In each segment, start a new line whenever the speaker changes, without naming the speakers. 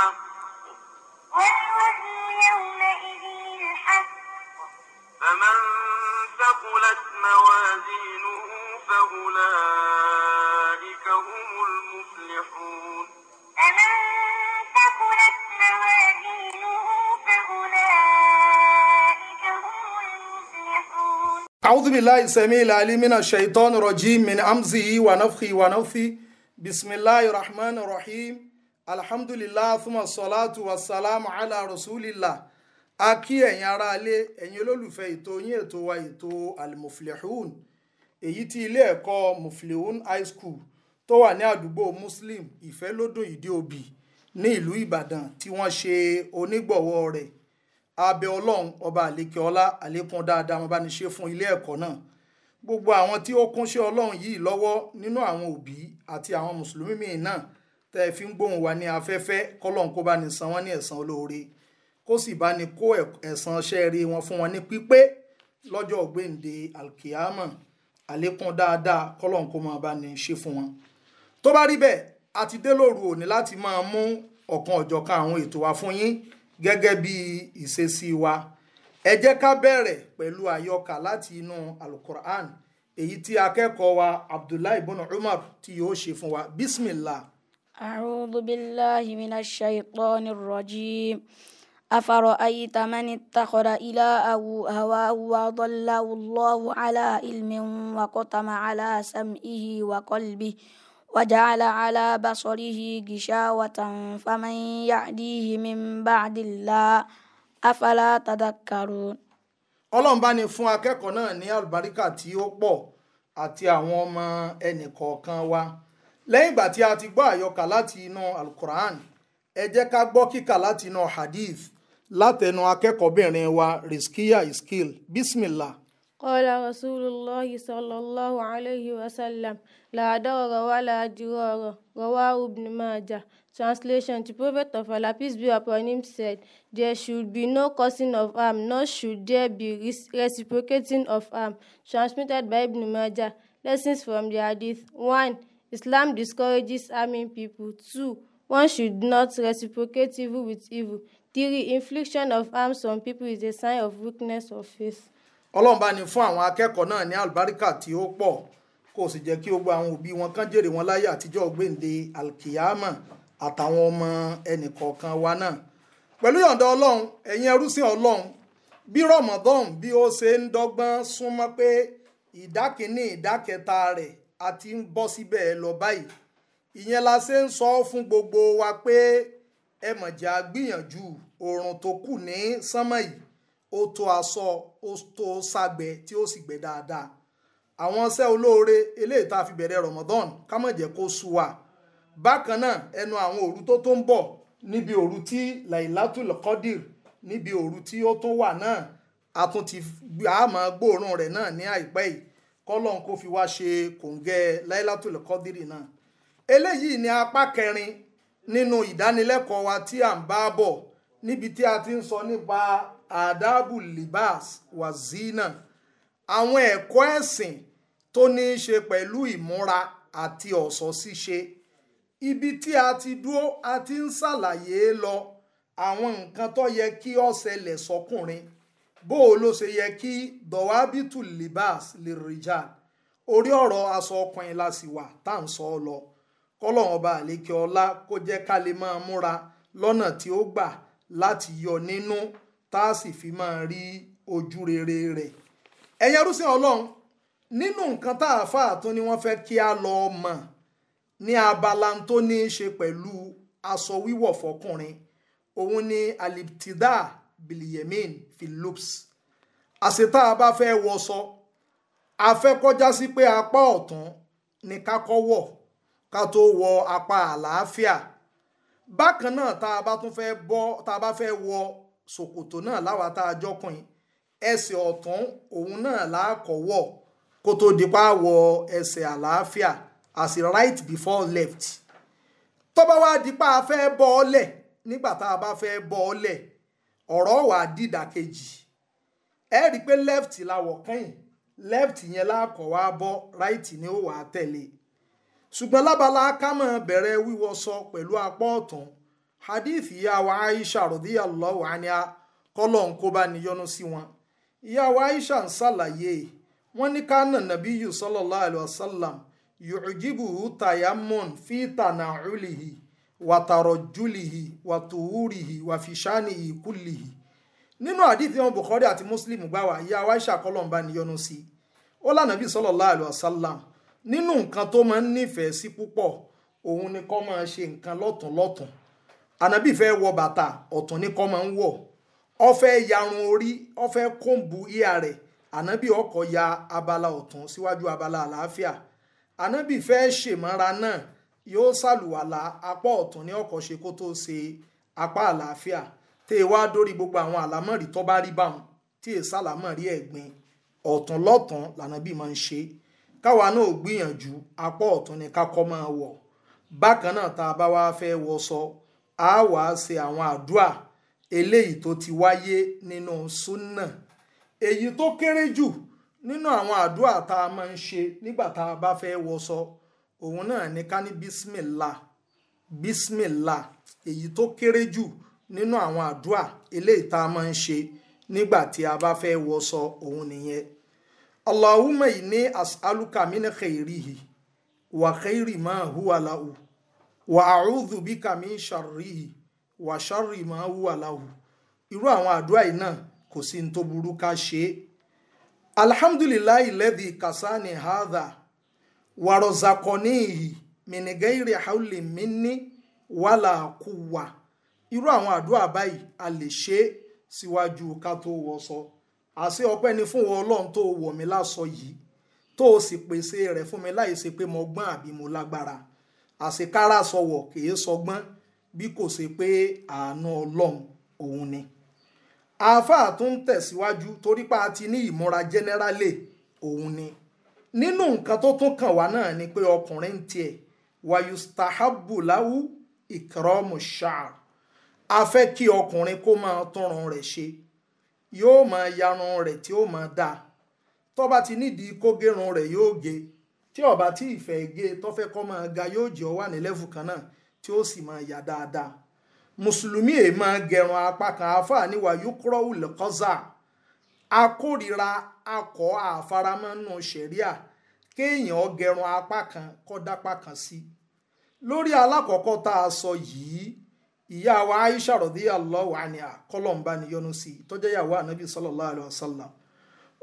الحق والوزن يومئذ الحق فمن ثقلت موازينه فأولئك هم المفلحون فمن ثقلت موازينه فأولئك هم المفلحون أعوذ بالله السميع العليم من الشيطان الرجيم من أمزه ونفخه ونفثه بسم الله الرحمن الرحيم alhamdulillah fúnmọ̀ sọ́látù wasalamu ala rasulillah a kí ẹ̀yin ará ilé ẹ̀yin olólùfẹ́ ètò yín ètò wa ètò almuflihun èyí tí ilé ẹ̀kọ́ muflihun high school tó wà ní àdúgbò muslim ìfẹ́lódùn ìdí òbí ní ìlú ìbàdàn tí wọ́n ṣe onígbọ̀wọ́ rẹ̀ abẹ́ ọlọ́run ọba àlékè ọlá àlékún dáadáa wọn bá ní ṣe fún ilé ẹ̀kọ́ náà gbogbo àwọn tí ó kúnṣẹ́ ọlọ́run yìí lọ́wọ́ nínú àwọn òbí àti àwọn mùsùlùmí míì náà tẹ́ ẹ fi ń gbóhùn wa ní afẹ́fẹ́ kọ́lọ́n kó bá ní san wọ́n ní ẹ̀san olóore kó sì bá ní kó ẹ̀san ṣẹ́ẹ̀rí wọn fún wọn ní pípé lọ́jọ́ ọ̀gbẹ́ǹde alkiyama àlékún dáadáa kọ́lọ́n kó máa bá ní ṣe fún wọn. tó bá rí bẹ́ẹ̀ a ti dé lóru òní láti máa mú ọ̀kan ọ̀jọ̀kan àwọn ètò wa fún yín gẹ́gẹ́ bí ìṣesí wa ẹ jẹ́ ká bẹ̀rẹ̀ pẹ̀lú àyọkà láti inú alukur'an èyí tí akẹ́kọ̀ọ́ wa abdullahi Bono umar tí yóò ṣe fún wa bismillah. أعوذ بالله من الشيطان الرجيم أفرأيت من اتخذ إلى هواه وضله الله على علم وقتم على سمعه وقلبه وجعل على بصره غشاوة فمن يعديه من بعد الله أفلا تذكرون ọlọ́run bá ní fún akẹ́kọ̀ọ́ náà ní àlùbáríkà tí ó pọ̀ àti àwọn ọmọ ẹnì kọ̀ọ̀kan wa. lẹ́yìn ìgbà tí a ti gbọ́ àyọkà láti inú alukur'an ẹ jẹ́ ká gbọ́ kíkà láti inú hadith látẹnu akẹ́kọ̀ọ́bìnrin wa riskiya iskil bismillah. qala rasulullahi sallallahu alayhi wa sallam la darara wa la dirara rawahu ibn majah translation the prophet of allah peace be upon him said there should be no causing of harm nor should there be reciprocating of harm transmitted by ibn majah lessons from the hadith one Islam discourages harming people. Two, One should not reciprocate evil with evil. Three, Infliction of harms on people is a sign of weakness of faith. Ọlọ́run bá ní fún àwọn akẹ́kọ̀ọ́ náà ní àlùbáríkà tí ó pọ̀ kò sì jẹ́ kí gbogbo àwọn òbí wọn kán jèrè wọn láyé àtijọ́ gbèǹde alkiyama àtàwọn ọmọ ẹnìkọ̀ọ̀kan wa náà. Pẹ̀lú yọ̀ǹda Ọlọ́run ẹ̀yin ẹrúsìn Ọlọ́run bí Ramadan bí ó ṣe ń dọ́gbọ́n súnmọ́ pé ìdá kìíní ìdá kẹta rẹ̀ àti ń bọ́ síbẹ̀ ẹ lọ báyìí ìyẹn la ṣe ń sọ fún gbogbo wa pé ẹ mọ̀jẹ̀ àgbìyànjú oòrùn tó kù ní sánmọ̀ yìí ó tó aṣọ ó tó ságbẹ tí ó sì gbẹ dáadáa àwọn iṣẹ́ olóore eléyìí tá a fi bẹ̀rẹ̀ Ramadan ká má jẹ́ kó sú wa bákan náà ẹnu àwọn òru tó tó ń bọ̀ níbi òru tí lailatul qadir níbi òru tí ó tún wà náà a tún ti gbà á máa gbóòórùn rẹ̀ náà ní àìpẹ́ yìí kọ́lọ́n kó fi wá ṣe kòǹgẹ́ láìlátul kọ́dírì náà eléyìí ni apá kẹrin nínú ìdánilẹ́kọ̀ọ́ wa tí à ń bá bọ̀ níbi tí a ti ń sọ nípa adabu libas wazina àwọn ẹ̀kọ́ ẹ̀sìn tó ní í ṣe pẹ̀lú ìmúra àti ọ̀ṣọ́ ṣíṣe ibi tí a ti dúró a ti ń ṣàlàyé lọ àwọn nǹkan tó yẹ kí ó ṣẹlẹ̀ sọkùnrin so bó o ló ṣe yẹ kí dọ̀wábìtù libas lè rìjà orí ọ̀rọ̀ aṣọ ọkùnrin la sì wà tá à ń sọ ọ lọ kọ́lọ́hún ọba àlékè ọlá kó jẹ́ ká lè máa múra lọ́nà tí ó gbà láti yọ nínú tá a sì fi máa rí ojú rere rẹ̀ ẹ̀yin arúsìn ọlọ́run nínú nǹkan tá a fà tó ni wọ́n fẹ́ kí a lọ mọ̀ ní abala tó ní í ṣe pẹ̀lú aṣọ wíwọ̀ fọkùnrin òun ni aliptida bilyemin philips àṣetá a bá fẹ́ wọṣọ a fẹ́ kọjá sí pé apá ọ̀tún ni ká kọ́ wọ̀ ká tó wọ apá àlàáfíà bákan náà tá a bá tún fẹ́ bọ́ tá a bá fẹ́ wọ ṣòkòtò náà láwa tá a jọkùnrin ẹsẹ̀ ọ̀tún òun náà láàkọ́wọ̀ kó tó dipá wọ ẹsẹ̀ àlàáfíà as a right before left tó bá wá dipá a fẹ́ bọ́ ọ lẹ̀ nígbà tá a bá fẹ́ bọ́ ọ lẹ̀ ọ̀rọ̀ wà dìdàkejì ẹ rí i pé left làwọ̀ kẹ́yìn left yẹn láàkọ̀ wá bọ́ right ni ó wà á tẹ̀lé ṣùgbọ́n lábala kámọ̀ bẹ̀rẹ̀ wíwọṣọ pẹ̀lú apá ọ̀tún hadith ìyá wa Aisha radiyallahu anha kọ́lọ̀ ń kó bá níyọnu sí wọn ìyá wa Aisha ń ṣàlàyé wọ́n ní kánà nàbíyù sallallahu alaihi wasallam yu'jibuhu tayammun fi tana'ulihi wàtàrọ̀júlìhì wàtòwúrìhì wafishanihi kulihi nínú àdìtì wọn Bukhari àti Muslim gbà wá ìyá wa Aisha kọlọmba níyọnu sí i ó lànàbí sallallahu alaihi wasallam nínú nǹkan tó máa ń nífẹ̀ẹ́ sí púpọ̀ òun ni kó máa ṣe nǹkan lọ́tún lọ́tún ànàbí fẹ́ wọ bàtà ọ̀tún ni kó máa ń wọ̀ ó yarun orí ó kóńbù ìyá rẹ̀ ànábì ọkọ̀ ya abala ọ̀tún síwájú abala àlàáfíà ànábì fẹ́ ṣèmọ́ra náà yóò ṣàlùwàlà apá ọ̀tún ní ọ̀kọ̀ ṣe kó tó ṣe apá àlàáfíà tẹ́ ẹ wá dórí gbogbo àwọn àlámọ̀rí tó bá rí báwọn tí ẹ sàlámọ̀rí ẹ̀gbin ọ̀tún lọ́tún lànà bí máa ń ṣe káwa náà gbìyànjú apá ọ̀tún ni kákọ́ máa wọ̀ bákan náà tá a bá wá fẹ́ wọṣọ a wàá ṣe àwọn àdúà eléyìí tó ti wáyé nínú súnà èyí tó kéré jù nínú àwọn àdúà tá a máa ń ṣe nígbà tá a bá fẹ́ wọṣọ. So òun náà ní ká ní bísímìlà bísímìlà èyí tó kéré jù nínú àwọn àdúà eléyìí tá a máa ń ṣe nígbà tí a bá fẹ́ wọṣọ òun nìyẹn allahumma inni as'aluka min khairihi wa khairi ma huwa lahu wa a'udhu bika min sharrihi wa sharri ma huwa lahu irú àwọn àdúrà yìí náà kò sí ní tó burú ká ṣe é alhamdulillahi kasani hadha wàrọ̀zàkọ̀níhì mìnìgẹ́rì haúlì mínní wàlà kùwà irú àwọn àdúrà báyìí a lè ṣe é síwájú ká tó wọ sọ àṣé ọpẹ́ ni fún Ọlọ́run tó wọ̀ mí lásọ yìí tó o sì pèsè rẹ̀ fún mi láì ṣe pé mo gbọ́n àbí mo lágbára àṣekára sọ̀wọ̀ kìí sọgbọ́n bí kò ṣe pé àánú Ọlọ́run òun ni àáfàá tó ń tẹ̀síwájú torípa ti ní ìmúra jẹ́nẹ́rálè òun ni nínú nǹkan tó tún kàn wá náà ni pé ọkùnrin tiẹ̀ wayustahabu lahu ikramu sha'r a fẹ́ kí ọkùnrin kó máa tọrùn rẹ̀ ṣe yóò máa yarun rẹ̀ tí ó máa dáa tó bá ti nídìí kó gérun rẹ̀ yóò gé tí ó tí ìfẹ́ gé tó fẹ́ kó máa ga yóò jẹ́ ọ wà ní lẹ́fù kan náà tí ó sì máa yà dáadáa mùsùlùmí èè máa apá kan àáfàá níwà yúkúrọ́wù lẹ́kọ́zà akórìíra akọ àfaramọ́nù ṣẹ̀ríà kéèyàn gẹrun apá kan kọ́dápá kan sí lórí alákọ̀ọ́kọ́ tá a sọ yìí ìyá wa Aisha radiyallahu anha kọ́lọ̀ǹba níyọnu sí i tọ́jẹ́ ìyàwó ànábì sallallahu alaihi wasallam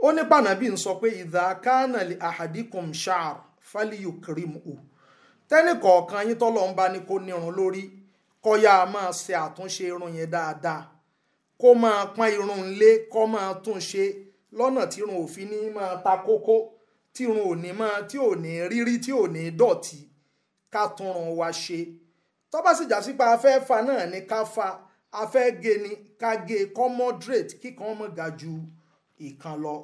ó ní pànàbí ń sọ pé kana li ahadikum sha'r falyukrimhu tẹ́nì kọ̀ọ̀kan yín tọ́lọ́ǹba ni kò nírun lórí kọ́yà máa ṣe kó máa pọ́n irun ńlé kó máa tún ṣe lọ́nà tí irun òfin ní máa ta kókó tí irun ò ní máa tí ò ní rírí tí ò ní dọ̀tí ká túnrun wa ṣe tó bá sì já sí pé afẹ́ fa náà ni ká fa afẹ́ ge ni ká ge kọ́ moderate kíkan mọ̀ ga ju ìkan lọ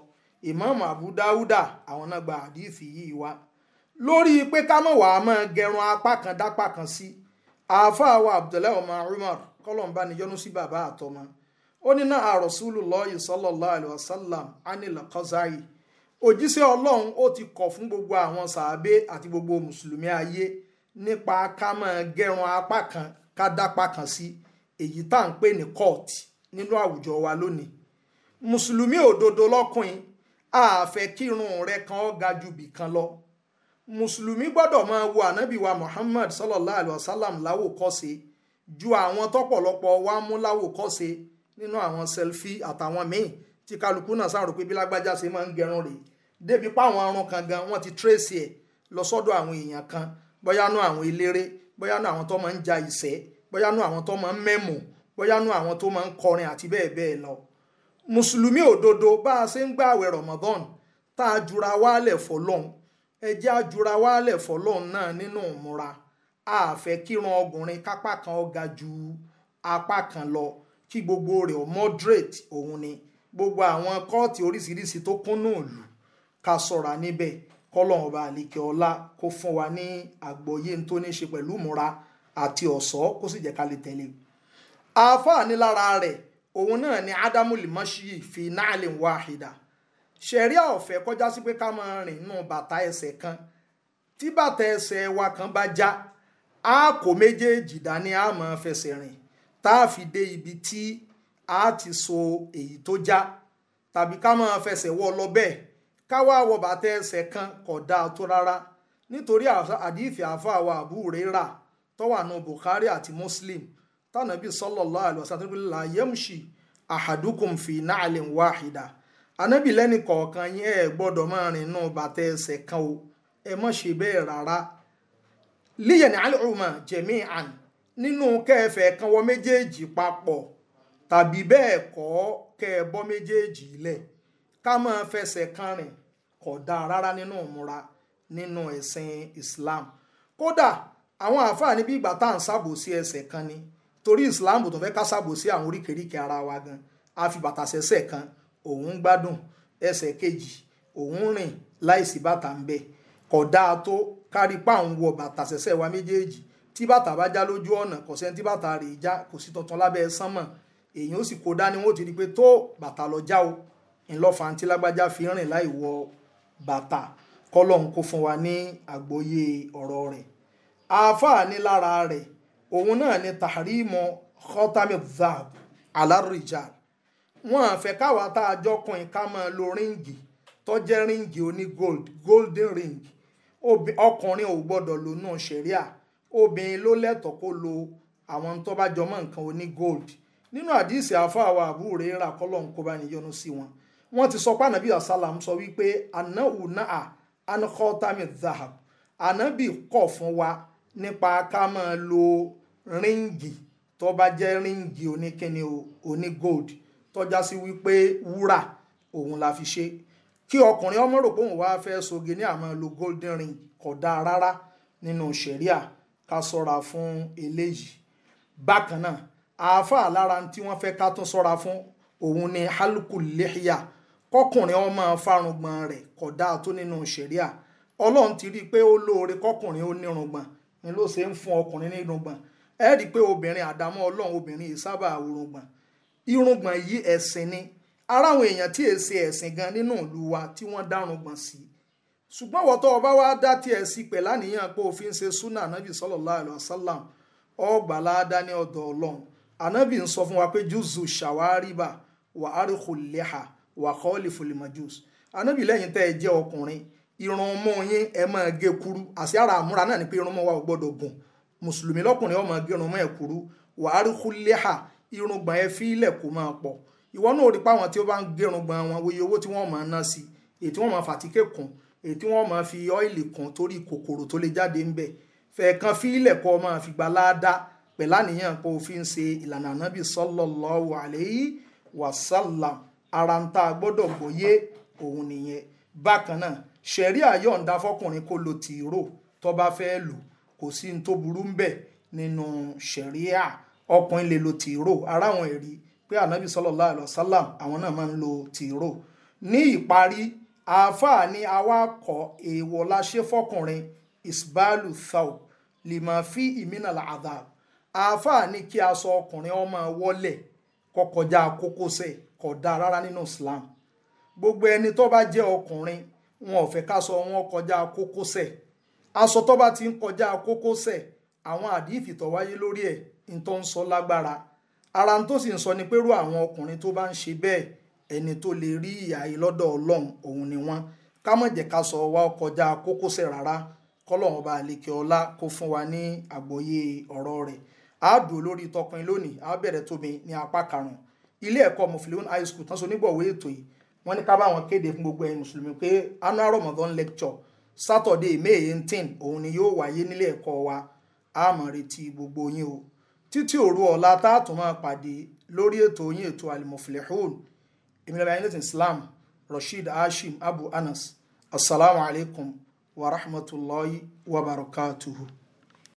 ìmáàmù Abu Dáúdà àwọn náà gba àdìsí yìí wá lórí pé ká mọ̀ wá máa gẹrun apá kan dápá kan sí àáfàá wa Abdullahi Umar kọ́lọ̀ ń bá ní yọnu sí bàbá àtọmọ ó ní náà Rasulullahi sallallahu alaihi wasallam anil Qaza'i òjíṣẹ́ ọlọ́run ó ti kọ̀ fún gbogbo àwọn sàábé àti gbogbo mùsùlùmí ayé nípa ká máa gẹrun apá kan ká dápá kan sí èyí tá à ń pè ní court nínú àwùjọ wa lónìí mùsùlùmí òdodo lọ́kùnrin àfẹ́ kírun rẹ̀ kan ó ga ju bì kan lọ mùsùlùmí gbọ́dọ̀ máa wo ànábì wa sallallahu alayhi wa sallam láwòkọ́ṣe ju àwọn tọ́pọ̀lọpọ̀ wa mú láwòkọ́ṣe nínú àwọn sẹlfí àtàwọn míì tí kálukú náà sáà rò pé bí lágbájá ṣe máa ń gẹrun rèé débi páwọn arun kan gan wọ́n ti tírèsì ẹ̀ lọ sọ́dọ̀ àwọn èèyàn kan bóyá nú àwọn eléré bóyá nú àwọn tó máa ń ja ìṣẹ́ bóyá nú àwọn tó máa ń mẹ́mù bóyá nú àwọn tó máa ń kọrin àti bẹ́ẹ̀ bẹ́ẹ̀ lọ. mùsùlùmí òdodo bá a ṣe ń gbà àwẹ̀ Ramadan tá a jura wálẹ̀ fọlọ́hún ẹ jẹ́ a jura wálẹ̀ fọlọ́hún náà nínú ìmúra a fẹ́ kírun ọkùnrin kápá kan ju apá kan lọ kí gbogbo rẹ̀ ó moderate òun ni gbogbo àwọn kóòtù oríṣiríṣi tó kúnnú ìlú ká ṣọ́ra níbẹ̀ kọ́lọ́hún ọba àlekè ọlá kó fún wa ní àgbọ́yé tó ní ṣe pẹ̀lú ìmúra àti ọ̀ṣọ́ kó sì jẹ́ ká lè tẹ̀lé. àáfàá ní lára rẹ̀ òun náà ni ádámù lìmọ́ṣíyì fi náàlì wàhídà ṣẹ̀ríà ọ̀fẹ́ kọjá sí pé ká máa rìn nù bàtà ẹsẹ̀ kan tí bàtà ẹsẹ̀ wa kan bá já a kò méjèèjì dání a máa fẹsẹ̀ rìn tá a fi dé ibi tí a ti so èyí tó já tàbí ká máa fẹsẹ̀ wọ́ lọ bẹ́ẹ̀ ká wá wọ bàtà ẹsẹ̀ kan kò dáa tó rárá nítorí àdìfì àáfàá wa Abu Huraira tó wà nù Bukhari àti Muslim tànàbí sallallahu alaihi wasallam la yamshi ahadukum fi na'lin wahida anábì lẹ́nì kọ̀ọ̀kan yín ẹ gbọ́dọ̀ máa rìn nù bàtà ẹsẹ̀ kan o ẹ má ṣe bẹ́ẹ̀ rárá líyẹ̀ ní alùmọ̀ jẹ̀mí àn nínú kẹfẹ́ kan wọ méjèèjì papọ̀ tàbí bẹ́ẹ̀ kọ́ kẹ́ẹ̀bọ́ méjèèjì ilẹ̀ ká máa fẹsẹ̀ kan rìn kò dáa rárá nínú ìmúra nínú ẹ̀sìn Islam kódà àwọn àáfàá níbi ìgbà tá à ń ṣàbòsí ẹsẹ̀ kan ni torí Islam tó fẹ́ ká ṣàbòsí àwọn oríkèéríkèé ara wa gan àfi bàtà sẹ́sẹ̀ kan òun ń gbádùn ẹsẹ̀ kejì òun rìn láìsí bàtà ń bẹ̀ kò dáa tó kárí pa àwọn wọ bàtà sẹ́sẹ̀ wa méjèèjì tí bàtà bá já lójú ọ̀nà kò sẹ́ni tí bàtà rẹ̀ já kò sí tuntun lábẹ́ sánmọ̀ èyí ó sì kó dání wọn ó ti rí i pé tó bàtà lọ já o ńlọ́fà àǹtí lágbájá fi rìn láì wọ bàtà kọ́lọ́hún kó fún wa ní àgbọ́yé ọ̀rọ̀ rẹ̀ àáfàá lára rẹ̀ òun náà ni tàrímọ̀ khotamid zahab alárìjà wọn àfẹ́ káwa tá a jọkùnrin ká máa lo ríǹgì tó jẹ́ ríǹgì oní gold golden ring ọkùnrin ò gbọ́dọ̀ lò náà obìnrin ló lẹ́tọ̀ọ́ kó lo àwọn tó bá jọmọ́ nǹkan oní gold nínú àdìsí àfáàwọ àbúrò rẹ̀ rà kọ́lọ̀ ń kó bá ní yọ́nú sí wọn wọ́n ti sọ pé ànábì asálàm sọ wípé anáwó náà anakọ́tàmì zahab ànábì kọ̀ fún wa nípa ká máa lo ríǹgì tó bá jẹ́ ríǹgì oníkíni oní gold tọ́já sí wípé wúrà òun la fi ṣe kí ọkùnrin ọmọ rò pé òun wá fẹ́ soge ní àmọ́ lo golden ring kò rárá nínú ṣẹ̀ríà ká sọ́ra fún eléyìí bákan náà àáfàá lára tí wọ́n fẹ́ ká tún sọ́ra fún òun ni halkul lihya kọkùnrin ó máa fárùngbọ̀n rẹ̀ kódà tó nínú ṣẹ̀ríà ọlọ́run ti rí i pé ó lóore kọkùnrin ó nírùngbọ̀n ni ló ṣe ń fún ọkùnrin nírùngbọ̀n ẹ rí i pé obìnrin àdámọ́ ọlọ́run obìnrin yìí sábà òrùngbọ̀n irùngbọ̀n yìí ẹ̀sìn ni ara àwọn èèyàn tí èsì ẹ̀sìn gan nínú ìlú wa tí wọ́n dárùngbọ̀n sí i ṣùgbọ́n wọ́n tó ọba wa dá tiẹ̀ sí pẹ̀ láníyàn pé òfin ṣe súnà ànábì sallallahu alaihi wasallam ọgbà láàdá ní ọ̀dọ̀ ọlọ́run ànábì ń sọ fún wa pé júùsù ṣàwáríbà wà áríkùlẹ́hà wà kọ́ọ̀lì fòlìmọ̀júùsù ànábì lẹ́yìn tẹ́ ẹ jẹ́ ọkùnrin irun ọmọ yín ẹ máa gé kúrú àti ara àmúra náà ni pé irun ọmọ wa ò gbọ́dọ̀ gùn mùsùlùmí lọ́kùnrin ọmọ gé irun ọmọ ẹ̀ kúrú wà áríkùlẹ́hà irùngbọ̀n ẹ fi ilẹ̀ kó máa pọ̀ ìwọ náà tí wọn máa fàtíkè kún èyí tí wọ́n máa fi ọ́ìlì kan torí kòkòrò tó lè jáde ń bẹ̀ fẹ̀ẹ̀kan fi ilẹ̀ kọ́ máa fi gba láàdá pẹ̀lú àníyàn pé òfin ṣe ìlànà ànábì sallallahu alayhi wa sallam ara ń tá a gbọ́dọ̀ gbọ́yé òun nìyẹn bákan náà ṣẹ̀rí àyọ̀ǹda fọkùnrin kó lo tìró tó bá fẹ́ lò kò sí ní tó burú ń bẹ̀ nínú ṣẹ̀ríà ọkùnrin lè lo tìró ara àwọn ẹ̀rí pé ànábì sallallahu alayhi wa sallam àwọn náà máa ń lo tìró ní ìparí àáfàá ni àwa kọ èèwọ̀ la ṣe fọkùnrin isbalu thawb lima fi ìmínà làdà àáfàá ni kí aṣọ ọkùnrin ọmọ wọlẹ̀ kọkọjá kókósẹ̀ kò dáa rárá nínú Islam gbogbo ẹni tó bá jẹ́ ọkùnrin wọn ò fẹ́ káṣọ wọn kọjá kókósẹ̀ aṣọ tó bá ti ń kọjá kókósẹ̀ àwọn àdìfì tó wáyé lórí ẹ̀ ń tó ń sọ lágbára ara tó sì ń sọ ni pé rú àwọn ọkùnrin tó bá ń ṣe bẹ́ẹ̀ ẹni tó lè rí ìyà yìí lọ́dọ̀ ọlọ́run òun ni wọ́n ká má jẹ́ ká sọ wá kọjá kókósẹ̀ rárá kọ́lọ́run ọba àlekè ọlá kó fún wa ní àgbọ́yé ọ̀rọ̀ rẹ̀ àádùn olórí tọkùnrin lónìí àá bẹ̀rẹ̀ tómi ní apá karùn-ún ilé ẹ̀kọ́ mufilion high school tán so nígbọ̀wé ètò yìí wọ́n ní ká bá wọn kéde fún gbogbo ẹ̀yin mùsùlùmí pé annual ramadan lecture saturday may eighteen òun ni yóò wáyé nílé ẹ̀kọ́ wa a máa retí gbogbo yín o títí òru ọ̀la tá a tún máa pàdé lórí ètò yín ètò alimufilihun èmi lọ́ba yín lẹ́sìn Islam Rasheed Hashim Abu Anas asalaamualeykum wa rahmatulahi wa barakatuhu.